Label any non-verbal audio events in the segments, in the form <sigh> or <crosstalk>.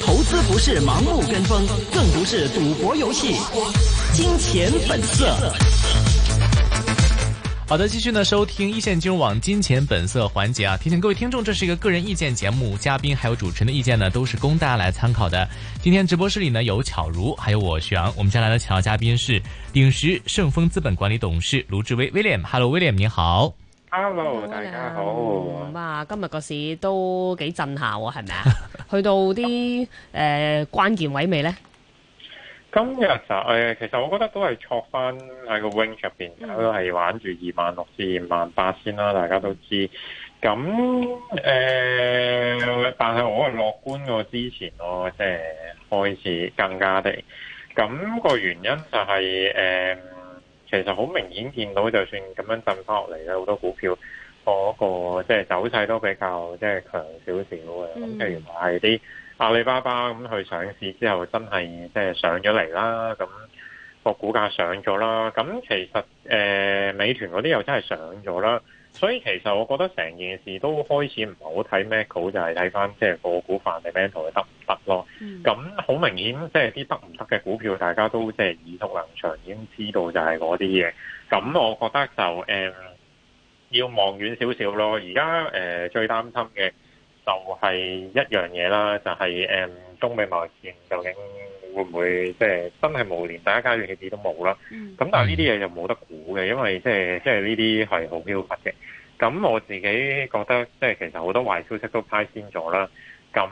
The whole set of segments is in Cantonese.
投資不是盲目跟風，更不是賭博遊戲。金錢本色。好的，繼續呢收聽一線金融網金錢本色環節啊！提醒各位聽眾，這是一個個人意見節目，嘉賓還有主持人的意見呢，都是供大家來參考的。 <noise> 今天直播室裏呢有巧如，還有我許昂， <noise> 我們將來的請到嘉賓是鼎石盛豐資本管理董事盧志威 （William）。Hello，William，你好。hello，大家好。哇，今日個市都幾震下喎，係咪啊？是是 <laughs> 去到啲誒、呃、關鍵位未呢？今日就誒，其實我覺得都係挫翻喺個 range 入邊，嗯、都係玩住二萬六至二萬八先啦。大家都知。咁誒、呃，但係我係樂觀過之前我即係開始更加的。咁、那個原因就係、是、誒。呃其實好明顯見到，就算咁樣震返落嚟咧，好多股票嗰、那個即係、就是、走勢都比較即係、就是、強少少嘅。咁譬、嗯、如話係啲阿里巴巴咁，佢上市之後真係即係上咗嚟啦，咁、那個股價上咗啦。咁其實誒、呃，美團嗰啲又真係上咗啦。所以其實我覺得成件事都開始唔好睇，macro 就係睇翻即係個股泛力 mental 佢得唔得咯。咁好 <noise> <noise> 明顯，即係啲得唔得嘅股票，大家都即係耳熟能詳，已經知道就係嗰啲嘢。咁我覺得就誒、嗯、要望遠少少咯。而家誒最擔心嘅就係一樣嘢啦，就係誒中美貿易戰究竟。會唔會即係、就是、真係冇，連第一階段嘅事都冇啦？咁但係呢啲嘢就冇得估嘅，因為即係即係呢啲係好飄忽嘅。咁我自己覺得，即係其實好多壞消息都派先咗啦。咁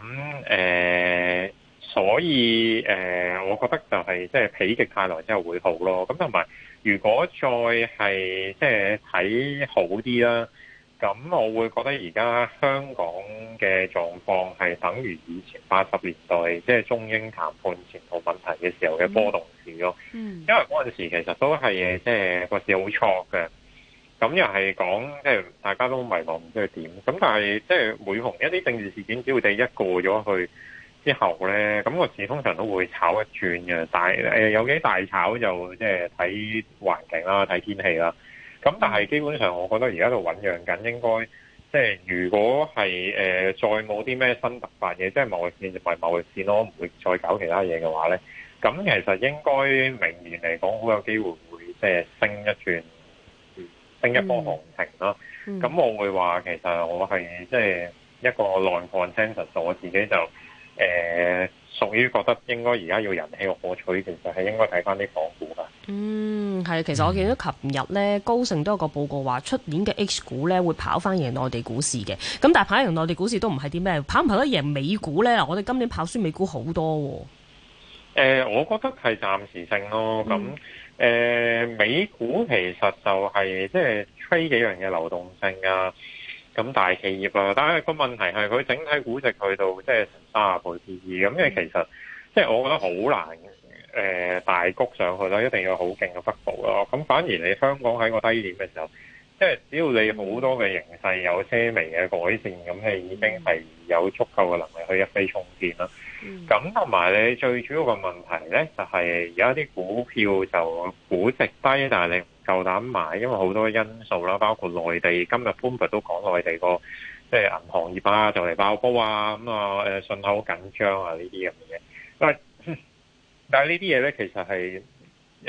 誒，所以誒、呃，我覺得就係即係否極泰來之後會好咯。咁同埋，如果再係即係睇好啲啦，咁我會覺得而家香港。嘅狀況係等於以前八十年代即係、就是、中英談判前途問題嘅時候嘅波動市咯。嗯，因為嗰陣時其實都係即係個市好錯嘅。咁又係講即係、就是、大家都迷茫，唔知佢點。咁但係即係每逢一啲政治事件，只要第一過咗去之後咧，咁個市通常都會炒一轉嘅。但係誒有幾大炒就即係睇環境啦，睇天氣啦。咁但係基本上，我覺得而家度醞釀緊應該。即係如果係誒、呃，再冇啲咩新突發嘢，即係貿易戰就咪係貿易戰咯，唔會再搞其他嘢嘅話咧，咁其實應該明年嚟講，好有機會會即係升一轉，升一波行情啦。咁、嗯、我會話其實我係即係一個內控聽實在，ensus, 我自己就誒、呃、屬於覺得應該而家要人氣可取，其實係應該睇翻啲港股噶。嗯。係、嗯，其實我記得琴日咧，高盛都有個報告話，出年嘅 H 股咧，會跑翻贏內地股市嘅。咁但係跑贏內地股市都唔係啲咩，跑唔跑得贏美股咧？我哋今年跑輸美股好多、哦。誒、呃，我覺得係暫時性咯。咁誒、嗯、呃，美股其實就係、是、即係吹幾樣嘢，流動性啊，咁大企業啦、啊。但係個問題係佢整體估值去到即係三十倍 PE。咁，因為其實即係我覺得好難。誒大谷上去啦，一定要好勁嘅北部咯。咁反而你香港喺個低點嘅時候，即係只要你好多嘅形勢有些微嘅改善，咁你已經係有足夠嘅能力去一飛沖天啦。咁同埋你最主要嘅問題呢，就係而家啲股票就估值低，但係你唔夠膽買，因為好多因素啦，包括內地今日彭博都講內地個即係銀行業啊就嚟爆煲啊，咁啊誒信口緊張啊呢啲咁嘅嘢。但係呢啲嘢咧，其實係誒、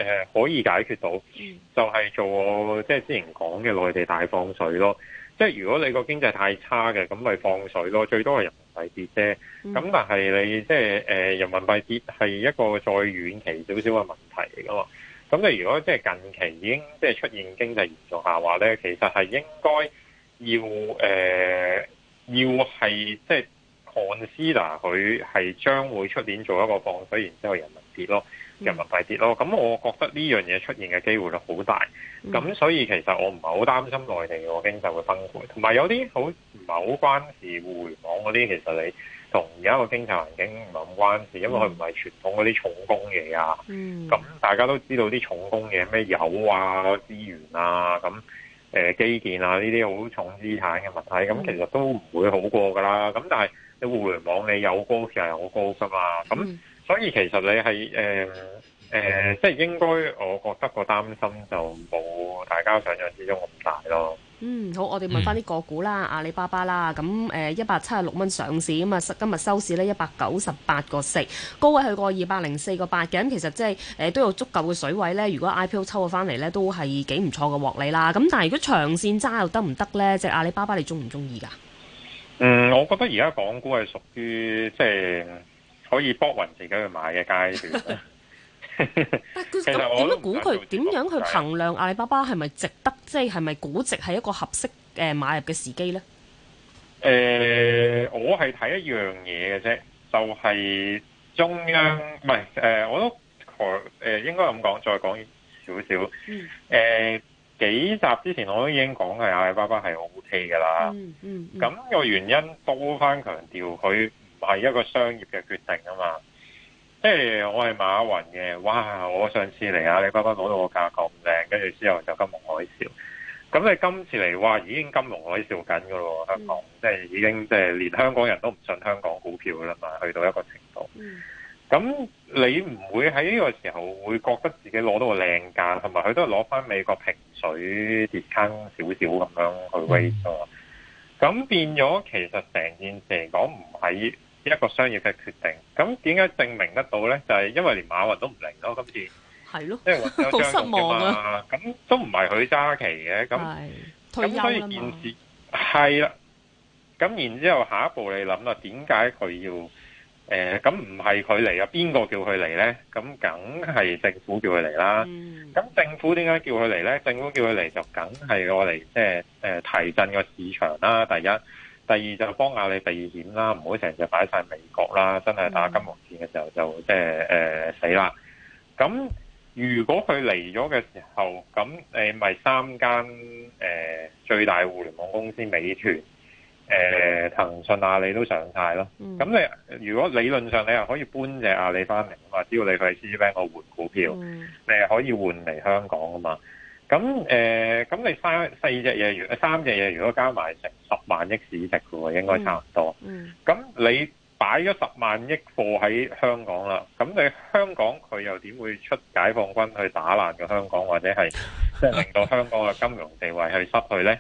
呃、可以解決到，就係、是、做即係、就是、之前講嘅內地大放水咯。即係如果你個經濟太差嘅，咁咪放水咯。最多係人民幣跌啫。咁但係你即係誒人民幣跌係一個再遠期少少嘅問題嚟噶嘛。咁你如果即係近期已經即係出現經濟嚴重下滑咧，其實係應該要誒、呃、要係即係看斯嗱佢係將會出年做一個放水，然之後人民。跌咯，人民幣跌咯，咁、嗯、我覺得呢樣嘢出現嘅機會率好大，咁、嗯、所以其實我唔係好擔心內地嘅經濟會崩潰，同埋有啲好唔係好關事互聯網嗰啲，其實你同而家個經濟環境唔係咁關事，因為佢唔係傳統嗰啲重工嘢啊，咁、嗯、大家都知道啲重工嘢咩油啊資源啊，咁誒、呃、基建啊呢啲好重資產嘅物體，咁其實都唔會好過㗎喇，咁但係你互聯網你有高，其實係好高㗎嘛，咁。嗯。所以其實你係誒誒，即係應該我覺得個擔心就冇大家想象之中咁大咯。嗯，好，我哋問翻啲個股啦，阿里巴巴啦，咁誒一百七十六蚊上市，咁啊今日收市呢一百九十八個四，4，高位去過二百零四個八嘅，咁其實即係誒都有足夠嘅水位呢，如果 IPO 抽咗翻嚟呢，都係幾唔錯嘅獲利啦。咁但係如果長線揸又得唔得呢？即係阿里巴巴你中唔中意噶？嗯，我覺得而家港股係屬於即係。可以搏暈自己去買嘅階段。 <laughs> <laughs> 其實點樣估佢？點樣去衡量阿里巴巴係咪值得？即係係咪估值係一個合適嘅買入嘅時機咧？誒，我係睇一樣嘢嘅啫，就係、是、中央唔係誒，我都可誒、呃，應該咁講，再講少少。誒、呃，幾集之前我都已經講係阿里巴巴係 O K 噶啦。嗯嗯。咁個原因多番強調佢。係一個商業嘅決定啊嘛，即係我係馬雲嘅，哇！我上次嚟阿里巴巴攞到個價咁靚，跟住之後就金融海嘯。咁你今次嚟話已經金融海嘯緊噶咯，香港、嗯、即係已經即係連香港人都唔信香港股票啦嘛，去到一個程度。咁、嗯、你唔會喺呢個時候會覺得自己攞到個靚價，同埋佢都係攞翻美國平水跌坑少少咁樣去 w e i g 咗。咁、嗯、變咗，其實成件事嚟講唔係。一個商業嘅決定，咁點解證明得到呢？就係因為連馬雲都唔嚟咯，今次係咯，好失望啊！咁都唔係佢揸旗嘅，咁咁所以件事係啦。咁然之後下一步你諗啦，點解佢要誒？咁唔係佢嚟啊？邊個叫佢嚟呢？咁梗係政府叫佢嚟啦。咁政府點解叫佢嚟呢？政府叫佢嚟就梗係我嚟，即係誒提振個市場啦。第一。第二就幫阿里避險啦，唔好成日擺晒美國啦，真係打金融戰嘅時候就誒誒、呃、死啦。咁如果佢嚟咗嘅時候，咁你咪三間誒、呃、最大互聯網公司美團、誒、呃、騰訊、阿里都上晒咯。咁、嗯、你如果理論上你又可以搬隻阿里翻嚟啊嘛，只要你去 CBank 度換股票，嗯、你係可以換嚟香港啊嘛。咁誒，咁、呃、你三四隻嘢，如三隻嘢如果加埋成十萬億市值嘅話，應該差唔多嗯。嗯，咁你。擺咗十萬億貨喺香港啦，咁你香港佢又點會出解放軍去打爛個香港，或者係即係令到香港嘅金融地位去失去呢？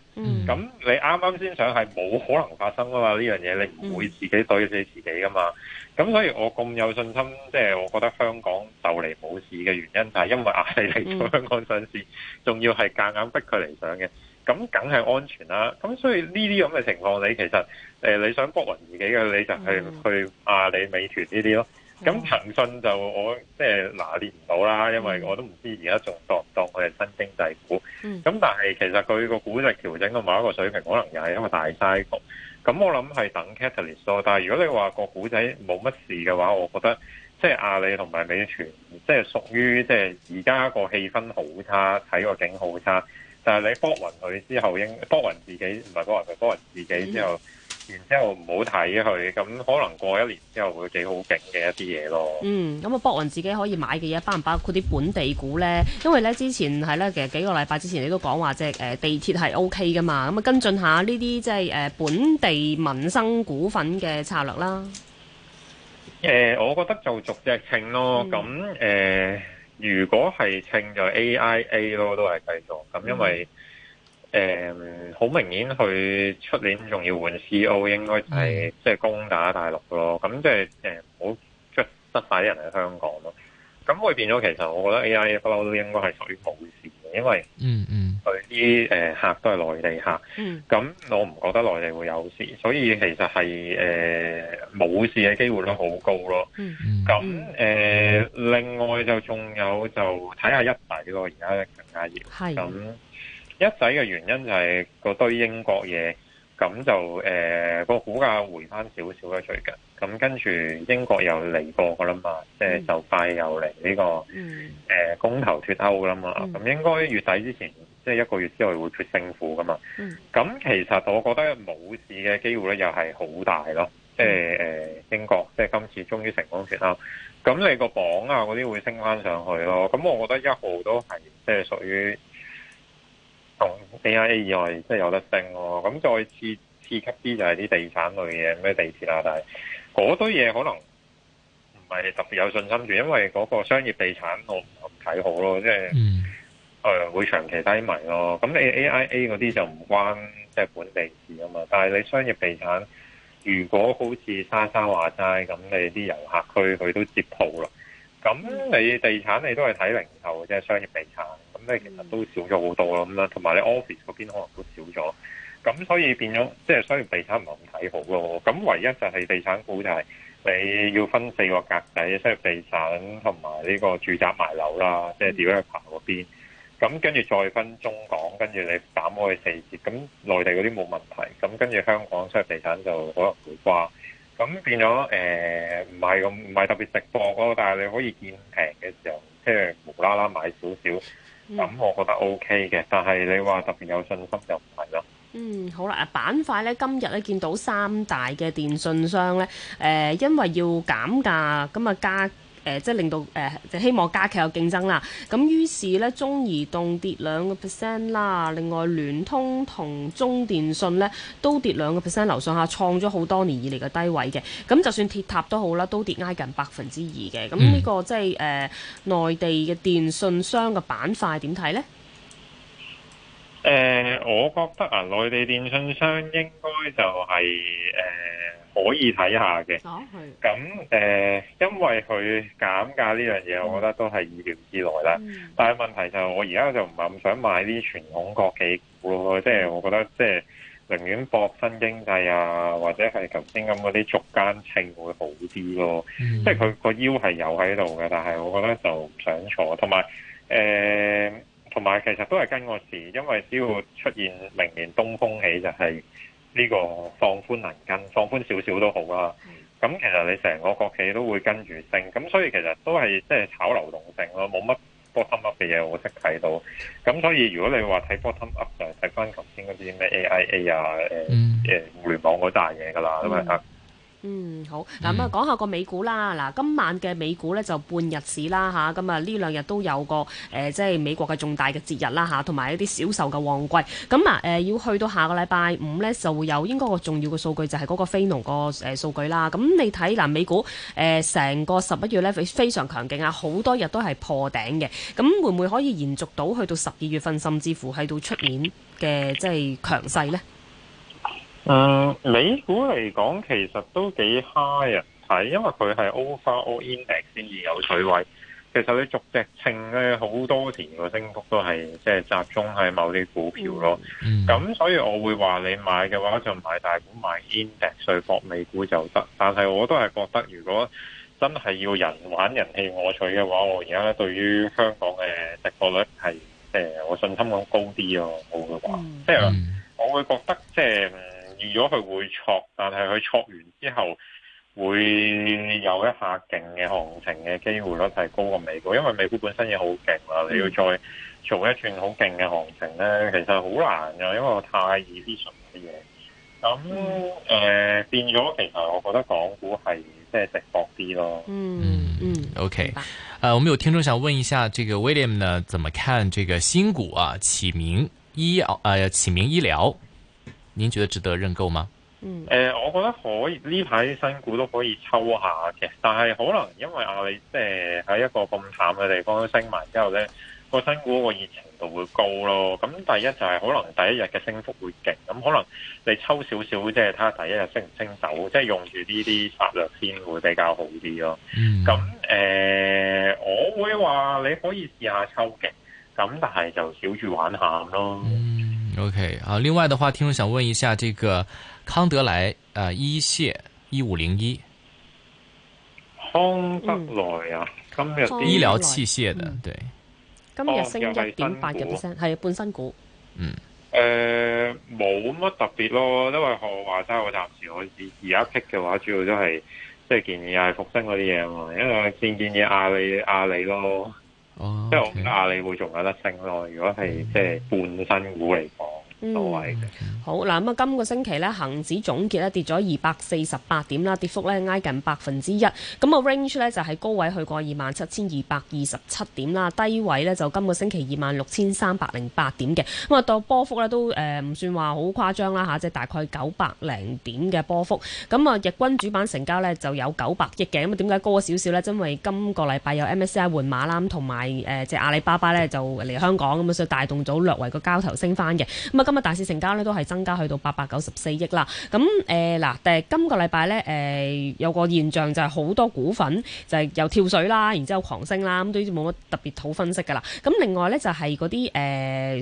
咁、嗯、你啱啱先想係冇可能發生啊嘛？呢樣嘢你唔會自己懟死自己噶嘛？咁、嗯、所以我咁有信心，即、就、係、是、我覺得香港就嚟冇事嘅原因，就係因為阿里嚟咗香港上市，仲、嗯、要係夾硬，硬逼佢嚟上嘅。咁梗係安全啦，咁所以呢啲咁嘅情況、呃，你其實誒你想搏勻自己嘅，你就去、嗯、去阿里、美團呢啲咯。咁、嗯、騰訊就我即係拿捏唔到啦，因為我都唔知而家仲當唔當佢係新經濟股。咁、嗯、但係其實佢個估值調整到某一個水平，可能又係一個大嘥局。咁我諗係等 catalyst 咯。但係如果你話個股仔冇乜事嘅話，我覺得即係、就是、阿里同埋美團，即、就、係、是、屬於即係而家個氣氛好差，睇個景好差。但係你博雲佢之後應博雲自己，唔係博雲佢博雲自己之後，然之後唔好睇佢咁，可能過一年之後會幾好勁嘅一啲嘢咯。嗯，咁啊博雲自己可以買嘅嘢包唔包括啲本地股咧？因為咧之前係咧，其實幾個禮拜之前你都講話即係誒地鐵係 O K 㗎嘛。咁啊跟進下呢啲即係誒本地民生股份嘅策略啦。誒、呃，我覺得就逐隻傾咯。咁誒、嗯。如果係稱就 AIA 咯，都係繼續咁，因為誒好、嗯呃、明顯佢出年仲要換 CO，應該係即係攻打大陸咯，咁即係誒唔好出得晒啲人嚟香港咯，咁會變咗其實我覺得 AIA 不嬲都應該係屬於好。因為嗯嗯，佢啲誒客都係內地客，咁我唔覺得內地會有事，所以其實係誒冇事嘅機會率好高咯。咁誒、嗯呃，另外就仲有就睇下一仔咯，而家更加熱。係咁是一仔嘅原因就係個堆英國嘢，咁就誒個、呃、股價回翻少少啦，最近。咁跟住英國又嚟過噶啦嘛，即係、嗯、就快又嚟呢、這個誒、嗯呃、公投脱歐噶啦嘛，咁、嗯、應該月底之前即係一個月之內會決勝負噶嘛。咁、嗯嗯、其實我覺得冇事嘅機會咧又係好大咯，即係誒英國即係今次終於成功脱歐，咁你個榜啊嗰啲會升返上去咯。咁我覺得一號都係即係屬於同 AIA 以外即係有得升咯。咁再次次級啲就係啲地產類嘅咩地鐵啦、啊，但係。嗰堆嘢可能唔係特別有信心住，因為嗰個商業地產我唔睇好咯，即係誒、呃、會長期低迷咯。咁你 AIA 嗰啲就唔關即係、就係、本地事啊嘛。但係你商業地產，如果好似莎莎話齋咁，你啲遊客區佢都接鋪啦。咁你地產你都係睇零售，即係商業地產，咁你其實都少咗好多咯。咁樣同埋你 office 嗰邊可能都少咗。咁所以變咗，即係商業地產唔係咁睇好咯。咁唯一就係地產股就係你要分四個格仔，商業地產同埋呢個住宅賣樓啦，即係 developer 嗰邊。咁跟住再分中港，跟住你打去四節。咁內地嗰啲冇問題，咁跟住香港商業地產就可能會掛。咁變咗誒，唔係咁唔係特別食貨咯，但係你可以見平嘅時候，即係無啦啦買少少。咁我覺得 O K 嘅，但係你話特別有信心就唔係咯。嗯，好啦，啊，板塊咧今日咧見到三大嘅電信商咧，誒、呃，因為要減價，咁啊加誒，即係令到誒，希望加劇有競爭啦。咁於是咧，中移動跌兩個 percent 啦，另外聯通同中電信咧都跌兩個 percent 樓上下，創咗好多年以嚟嘅低位嘅。咁就算鐵塔都好啦，都跌挨近百分之二嘅。咁呢個即係誒內地嘅電信商嘅板塊點睇咧？誒、呃，我覺得啊，內地電信商應該就係、是、誒、呃、可以睇下嘅。咁誒、嗯嗯呃，因為佢減價呢樣嘢，我覺得都係意料之內啦。但係問題就，我而家就唔係咁想買啲傳統國企股咯，即係我覺得即係寧願搏新經濟啊，或者係頭先咁嗰啲逐間稱會好啲咯，啊。嗯，即係佢個腰係有喺度嘅，但係我覺得就唔想坐。同埋誒。呃同埋其實都係跟個市，因為只要出現明年東風起，就係呢個放寬銀根放寬少少都好啦。咁其實你成個國企都會跟住升，咁所以其實都係即係炒流動性咯，冇乜 bottom up 嘅嘢我識睇到。咁所以如果你話睇 bottom up 就係睇翻頭先嗰啲咩 AIA 啊，誒誒、呃、互聯網嗰單嘢噶啦，咁啊、嗯。嗯嗯，好。嗱咁啊，講下個美股啦。嗱，今晚嘅美股呢，就半日市啦，吓，咁啊，呢兩日都有個誒、呃，即係美國嘅重大嘅節日啦，吓、啊，同埋一啲銷售嘅旺季。咁啊，誒、呃、要去到下個禮拜五呢，就會有應該個重要嘅數據就係、是、嗰個非農個誒數據啦。咁、啊、你睇嗱、啊，美股誒成、呃、個十一月呢，非常強勁啊，好多日都係破頂嘅。咁、啊、會唔會可以延續到去到十二月份，甚至乎喺度出面嘅即係強勢呢？嗯，美、uh, 股嚟講其實都幾 high 啊，睇，因為佢係 over all index 先至有水位。其實你逐隻稱咧，好多時個升幅都係即係集中喺某啲股票咯。咁、mm hmm. 所以我會話你買嘅話就買大股，買 index 稅博美股就得。但係我都係覺得，如果真係要人玩人氣我取嘅話，我而家對於香港嘅值博率係誒、呃、我信心咁高啲咯，我會話，即係我會覺得即係。預咗佢會挫，但係佢挫完之後會有一下勁嘅行情嘅機會率係高過美股，因為美股本身已經好勁啦。你要再做一串好勁嘅行情咧，嗯、其實好難嘅，因為我太易啲上嘅嘢。咁、嗯、誒、嗯呃、變咗，其實我覺得港股係即係值博啲咯。嗯嗯，OK。誒，我們有聽眾想問一下，這個 William 呢，怎麼看這個新股啊？起名醫啊，誒、呃，起明醫療。您覺得值得認購嗎？嗯，誒、呃，我覺得可以，呢排新股都可以抽下嘅，但係可能因為阿里，誒、呃、喺、呃、一個咁淡嘅地方升埋之後咧，個新股個熱程度會高咯。咁、嗯嗯、第一就係可能第一日嘅升幅會勁，咁可能你抽少少，即係睇下第一日升唔升手，即係用住呢啲策略先會比較好啲咯。咁、嗯、誒、嗯嗯呃，我會話你可以試下抽嘅，咁但係就少住玩,玩下咯。嗯 OK 啊，另外的話，聽眾想問一下，這個康德萊啊，醫械一五零一，康德萊啊，今日、嗯、醫療器械的、嗯、對，今日升一點八嘅 percent，係半新股。嗯，誒、呃，冇乜特別咯，因為我話齋，我暫時我而家 pick 嘅話，主要都係即係建議係復星嗰啲嘢啊嘛，因為建建議阿里阿里咯。即係我覺得阿里會仲有得升咯，如果係即係半新股嚟講。好，嗱咁啊，今個星期咧，恆指總結咧跌咗二百四十八點啦，跌幅咧挨近百分之一。咁啊 range 咧就喺、是、高位去過二萬七千二百二十七點啦，低位咧就今個星期二萬六千三百零八點嘅。咁、嗯呃、啊，個波幅咧都誒唔算話好誇張啦嚇，即係大概九百零點嘅波幅。咁、嗯、啊，日均主板成交咧就有九百億嘅。咁、嗯、啊，點解高咗少少咧？因為今個禮拜有 MSCI 換馬啦，同埋誒即係阿里巴巴咧就嚟香港咁啊、嗯，所以帶動咗略為個交投升翻嘅。咁、嗯、啊、嗯，今咁、嗯、大市成交咧都係增加去到八百九十四億啦。咁誒嗱，但係、呃、今個禮拜咧誒有個現象就係好多股份就係、是、又跳水啦，然之後狂升啦，咁都冇乜特別好分析噶啦。咁、嗯、另外咧就係嗰啲誒。呃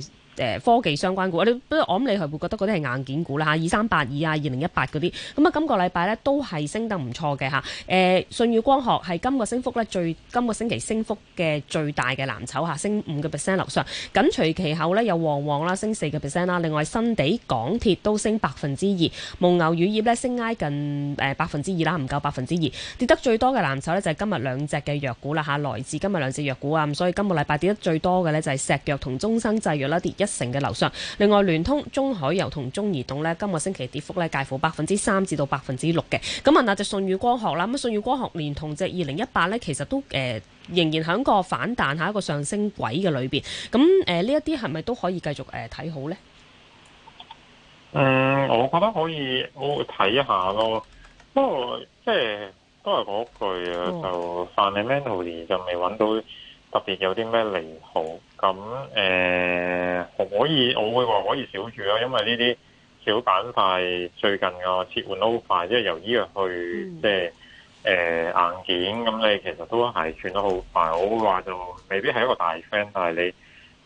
科技相關股，我你我諗你係會覺得嗰啲係硬件股啦嚇，二三八二啊，二零一八嗰啲，咁啊今個禮拜咧都係升得唔錯嘅嚇。誒、嗯、舜宇光學係今個升幅咧最，今個星期升幅嘅最大嘅藍籌嚇，升五個 percent 樓上。緊隨其後咧有旺旺啦，升四個 percent 啦。另外新地、港鐵都升百分之二，蒙牛乳業咧升挨近誒百分之二啦，唔夠百分之二。跌得最多嘅藍籌呢，就係今日兩隻嘅藥股啦嚇，來自今日兩隻藥股啊，咁所以今個禮拜跌得最多嘅呢，就係石藥同中生製藥啦，跌一成嘅樓上，另外聯通、中海油同中移動咧，今個星期跌幅咧介乎百分之三至到百分之六嘅。咁啊，那隻舜宇光學啦，咁舜宇光學連同隻二零一八咧，其實都誒、呃、仍然喺個反彈下一個上升軌嘅裏邊。咁誒，呢一啲係咪都可以繼續誒睇、呃、好咧？嗯，我覺得可以，我會睇一下咯。不過即係都係嗰句啊，就 fundamentally 就未揾到特別有啲咩利好。咁誒、呃、可以，我會話可以少住咯，因為呢啲小板塊最近個切換得好快，即係由醫藥去即係誒硬件咁，你其實都係轉得好快。我會話就未必係一個大 trend，但係你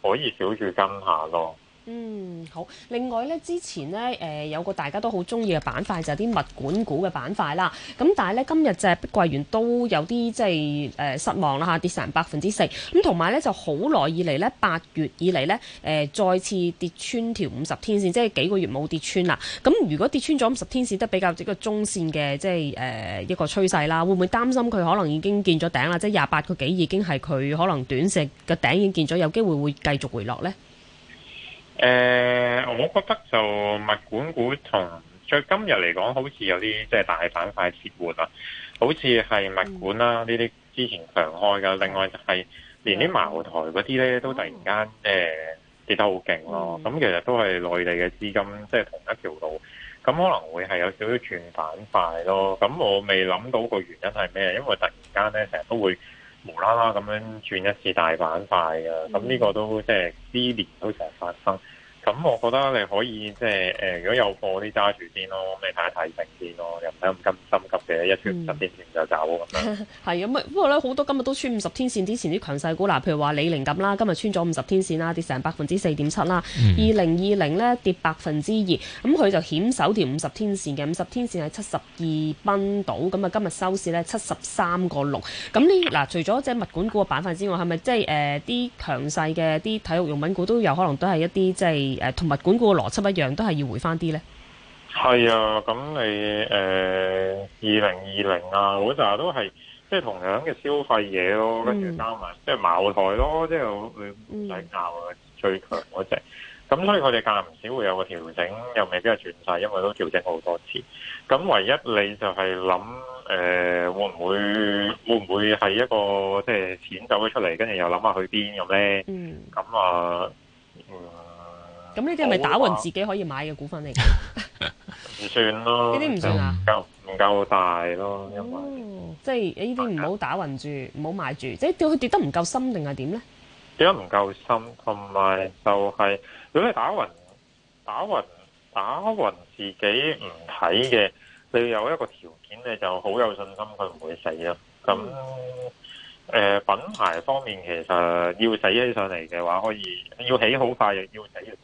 可以少住跟下咯。嗯，好。另外咧，之前咧，誒、呃、有個大家都好中意嘅板塊，就係、是、啲物管股嘅板塊啦。咁但係咧，今日就係碧桂園都有啲即係誒失望啦嚇，下跌成百分之四。咁同埋咧，就好耐以嚟咧，八月以嚟咧，誒、呃、再次跌穿條五十天線，即係幾個月冇跌穿啦。咁如果跌穿咗五十天線，都比較即個中線嘅即係誒、呃、一個趨勢啦。會唔會擔心佢可能已經見咗頂啦？即係廿八個幾已經係佢可能短線嘅頂已經見咗，有機會會繼續回落咧？誒、呃，我覺得就物管股同，最今日嚟講，好似有啲即係大板塊切換啊，好似係物管啦呢啲之前常開噶，另外就係連啲茅台嗰啲咧都突然間誒、呃、跌得好勁咯，咁、嗯、其實都係內地嘅資金即係同一條路，咁可能會係有少少轉板塊咯，咁我未諗到個原因係咩？因為突然間咧成日都會。無啦啦咁樣轉一次大板塊嘅、啊，咁呢個都即係呢年都成日發生。咁我覺得你可以即係誒，如果有貨，啲揸住先咯，咁你睇一睇先咯，又唔使咁急心急嘅，一穿五十天線就走咁樣。係啊， <laughs> 咪不，不，不過咧，好多今日都穿五十天線之前啲強勢股，嗱，譬如話李寧咁啦，今日穿咗五十天線啦，跌成百分之四點七啦，二零二零咧跌百分之二，咁、嗯、佢、嗯、就險守條五十天線嘅，五十天線係七十二蚊到。咁啊今日收市咧七十三個六。咁呢嗱，除咗隻物管股嘅板塊之外，係咪即係誒啲強勢嘅啲體育用品股都有可能都係一啲即係？誒，同埋管顧嘅邏輯一樣，都係要回翻啲咧。係啊，咁你誒二零二零啊，好成都係即係同樣嘅消費嘢咯，跟住、嗯、加埋即係茅台咯，即係我唔使教啊，嗯、最強嗰隻。咁所以佢哋隔唔少會有個調整，又未必係全晒，因為都調整好多次。咁唯一你就係諗誒，會唔會會唔會係一個即係錢走咗出嚟，跟住又諗下去邊咁咧？咁、嗯、啊。嗯咁呢啲係咪打暈自己可以買嘅股份嚟？唔 <laughs> 算咯了，呢啲唔算啊，唔夠，夠大咯、嗯。因為即係呢啲唔好打暈住，唔好買住，即係掉佢跌得唔夠深定係點咧？跌得唔夠深，同埋就係、是、如果你打暈，打暈打暈自己唔睇嘅，你有一個條件你就好有信心佢唔會死啊。咁誒、嗯嗯呃、品牌方面其實要，死要起上嚟嘅話，可以要起好快，又要起嘅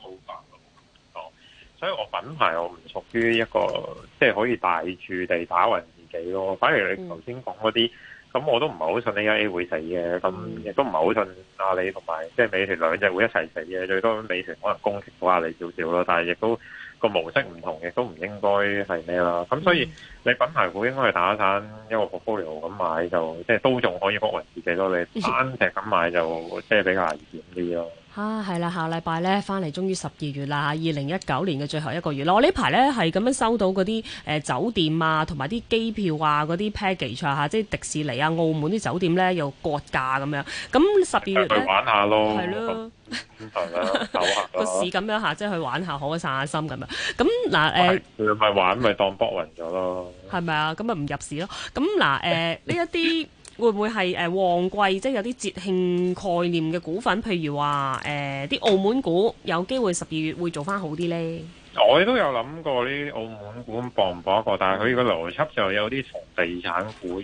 所以我品牌我唔屬於一個即係可以大注地打暈自己咯，反而你頭先講嗰啲，咁我都唔係好信 AIA 會死嘅，咁亦都唔係好信阿里同埋即係美團兩隻會一齊死嘅，最多美團可能攻擊到阿里少少咯，但係亦都個模式唔同嘅，都唔應該係咩啦。咁所以你品牌股應該係打散一個 portfolio 咁買就即係都仲可以撲暈自己咯，你單隻咁買就即係比較危險啲咯。啊，係啦，下個禮拜咧返嚟，終於十二月啦，二零一九年嘅最後一個月啦。我呢排咧係咁樣收到嗰啲誒酒店啊，同埋啲機票啊，嗰啲 package 啊，即係迪士尼啊、澳門啲酒店咧又割價咁樣。咁十二月去玩下咯，係、嗯、啦，走個 <laughs> <laughs> 市咁樣吓，即係去玩下可，好嘅散下心咁啊。咁嗱誒，咪玩咪 <laughs> 當博暈咗咯。係咪啊？咁咪唔入市咯。咁嗱誒，呢一啲。呃 <laughs> 會唔會係誒、呃、旺季，即係有啲節慶概念嘅股份，譬如話誒啲澳門股有機會十二月會做翻好啲呢？我都有諗過啲澳門股博唔博一個，但係佢個邏輯就有啲同地產股。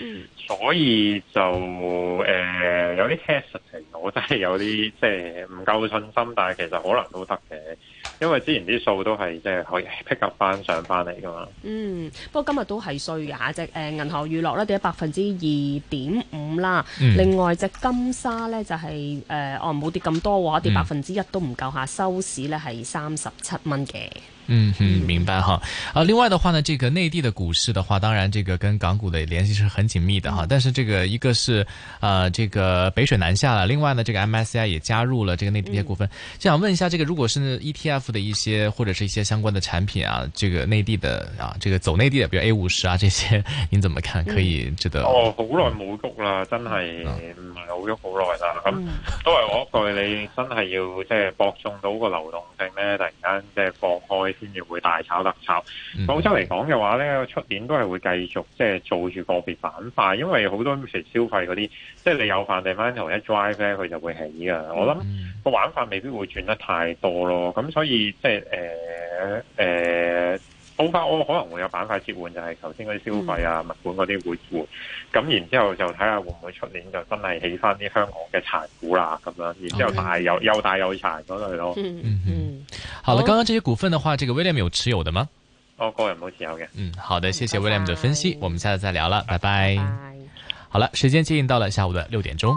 嗯，所以就誒、呃、有啲 hesitant，我真係有啲即係唔夠信心，但係其實可能都得嘅，因為之前啲數都係即係可以 pick up 翻上翻嚟噶嘛。嗯，不過今日都係衰下隻誒銀河娛樂咧跌百分之二點五啦。嗯、另外隻金沙咧就係誒唔好跌咁多喎，一跌百分之一都唔夠下，收市咧係三十七蚊嘅。嗯哼，明白哈。啊，另外的話呢，這個內地的股市的話，當然這個跟港股的聯繫是很緊密的哈。但是這個一個是呃，這個北水南下了，另外呢，這個 MSCI 也加入了這個內地嘅股份。就、嗯、想問一下，這個如果是 ETF 的一些或者是一些相關的產品啊，這個內地的啊，這個走內地的，比如 A 五十啊這些，您怎麼看？可以值得、嗯。 <noise> <noise> 哦，好耐冇喐啦，真係唔係好喐好耐啦。咁、嗯嗯、都係我一句，你真係要即係搏中到個流動性咧，突然間即係搏開。先至會大炒特炒，廣州嚟講嘅話咧，出年都係會繼續即係做住個別板塊，因為好多食消費嗰啲，即、就、係、是、你有飯店翻頭一 drive 咧，佢就會起㗎！我諗個玩法未必會轉得太多咯，咁所以即係誒誒。呃呃好快，我、哦、可能會有板塊切換，就係頭先嗰啲消費啊、物管嗰啲會換，咁、嗯、然之後就睇下會唔會出年就真係起翻啲香港嘅殘股啦，咁樣，然之後大又、哦、又大又殘嗰類咯。嗯嗯嗯。好了，剛剛這些股份的話，這個 William 有持有的嗎？我、哦、個人冇持有嘅。嗯，好的，謝謝 William 的分析，拜拜，我們下次再聊啦，拜拜。拜拜。好了，時間接近到了下午的六點鐘。